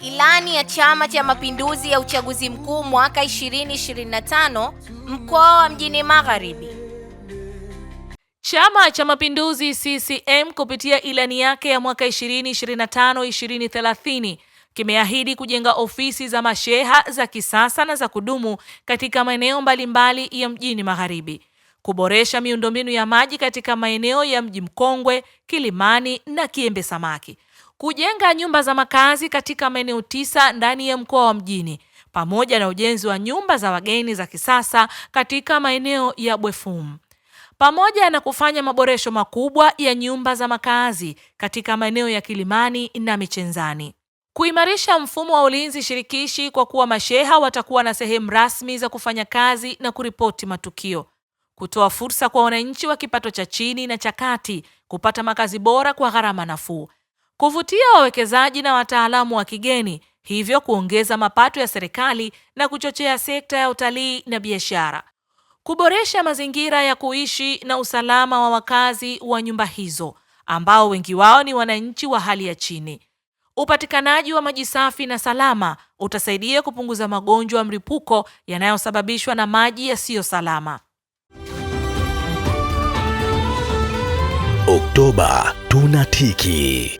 Ilani ya Chama cha Mapinduzi ya uchaguzi mkuu mwaka 2025 mkoa wa Mjini Magharibi. Chama cha Mapinduzi CCM kupitia ilani yake ya mwaka 2025-2030 kimeahidi kujenga ofisi za masheha za kisasa na za kudumu katika maeneo mbalimbali ya Mjini Magharibi kuboresha miundombinu ya maji katika maeneo ya Mji Mkongwe, Kilimani na Kiembe Samaki, kujenga nyumba za makazi katika maeneo tisa ndani ya mkoa wa Mjini, pamoja na ujenzi wa nyumba za wageni za kisasa katika maeneo ya bwefum pamoja na kufanya maboresho makubwa ya nyumba za makazi katika maeneo ya Kilimani na Michenzani, kuimarisha mfumo wa ulinzi shirikishi kwa kuwa masheha watakuwa na sehemu rasmi za kufanya kazi na kuripoti matukio, kutoa fursa kwa wananchi wa kipato cha chini na cha kati kupata makazi bora kwa gharama nafuu, kuvutia wawekezaji na wataalamu wa kigeni, hivyo kuongeza mapato ya serikali na kuchochea sekta ya utalii na biashara, kuboresha mazingira ya kuishi na usalama wa wakazi wa nyumba hizo ambao wengi wao ni wananchi wa hali ya chini. Upatikanaji wa maji safi na salama utasaidia kupunguza magonjwa ya mlipuko yanayosababishwa na maji yasiyo salama. Oktoba tunatiki.